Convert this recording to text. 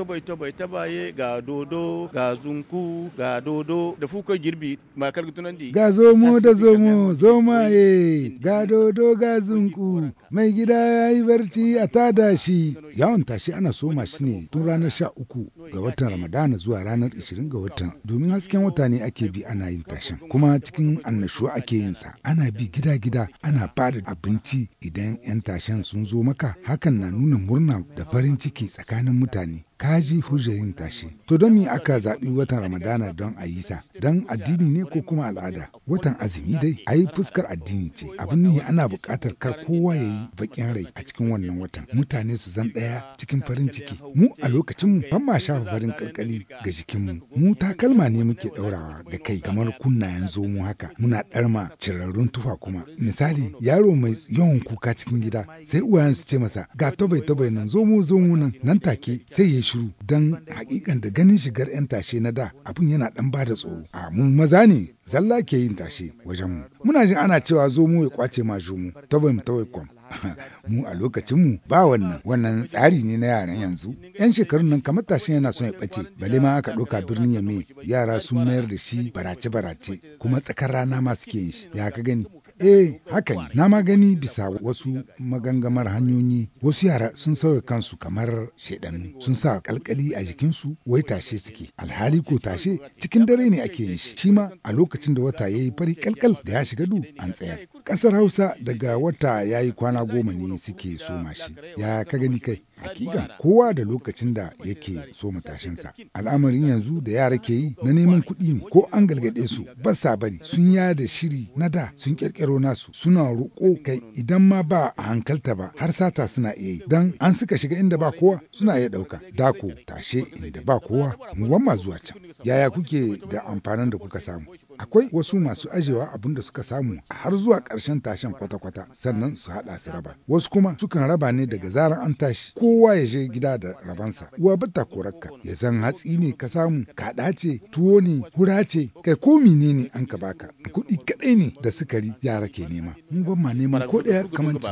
tabai tabai tabaye ga dodo ga zunku ga dodo da fuka girbi ma di ga zomo da zomo ye ga dodo ga zunku mai gida ya yi barci a tada shi yawon tashi ana soma shi ne tun ranar sha uku ga watan ramadana zuwa ranar ishirin ga watan domin hasken wata ne ake bi ana yin tashin kuma cikin annashuwa ake yin sa ana bi gida gida ana bada abinci idan 'yan tashen sun zo maka hakan na nuna murna da farin ciki tsakanin mutane kaji hujja yin tashi. To don me aka zaɓi watan Ramadana don a yi ta? Don addini ne ko kuma al'ada? Watan azumi dai a yi fuskar addini ce. Abin ne ana buƙatar kar kowa ya yi baƙin rai a cikin wannan watan. Mutane su zan ɗaya cikin farin ciki. Mu a lokacin mu ban ma shafa farin kalkali ga jikin Mu mu takalma ne muke ɗaurawa ga kai kamar kunnayen zomo haka. Muna ɗarma cirarrun tufa kuma. Misali yaro mai yawan kuka cikin gida sai uwayen su ce masa ga tabai tabai nan zomo zomo nan nan take sai ya shiru don hakikan da ganin shigar 'yan tashe na da abin yana dan ba da tsoro. A mu maza ne zalla ke yin tashe wajen mu. Muna jin ana cewa zo mu ya kwace ma mu tabai mu tabai kwam. mu a lokacinmu ba wannan wannan tsari ne na yaran yanzu yan shekarun nan kamar tashin yana son ya ɓace bale ma aka ɗauka birnin yame yara sun mayar da shi barace barace kuma tsakar rana ma suke yin shi ya ka gani Eh, haka ne. Na magani bisa wasu magangamar hanyoyi, wasu yara sun sauya kansu kamar shaidanu, sun sa kalkali a jikinsu wai tashe suke. Alhali ko tashe cikin dare ne ake yin shi. Shi ma a lokacin da wata ya yi fari kalkal da ya shiga du an tsayar. Ƙasar Hausa daga wata ya yi kwana goma ne suke soma shi. Ya ka gani kai. Hakika kowa da lokacin da yake so matashinsa. Al'amarin yanzu da yara ke yi na neman kuɗi ne ko an galgade su ba sa bari sun ya da shiri na da sun kirkiro nasu suna roƙo kai idan ma ba a hankalta ba har sata suna iya yi dan an suka shiga inda ba kowa suna iya ɗauka dako tashe inda ba kowa mu wamma zuwa can. yaya kuke da amfanin da kuka samu akwai wasu masu ajewa abin da suka samu har zuwa ƙarshen tashen kwata-kwata sannan su haɗa su raba wasu kuma sukan raba ne daga zarar an tashi kowa ya je gida da rabansa uwa bata korakka ya san hatsi ne ka samu kaɗa ce tuwo ne hura ce kai ko ne an ka baka kuɗi kaɗai ne da sukari yara ke nema mu ban ma neman ko ɗaya kamanci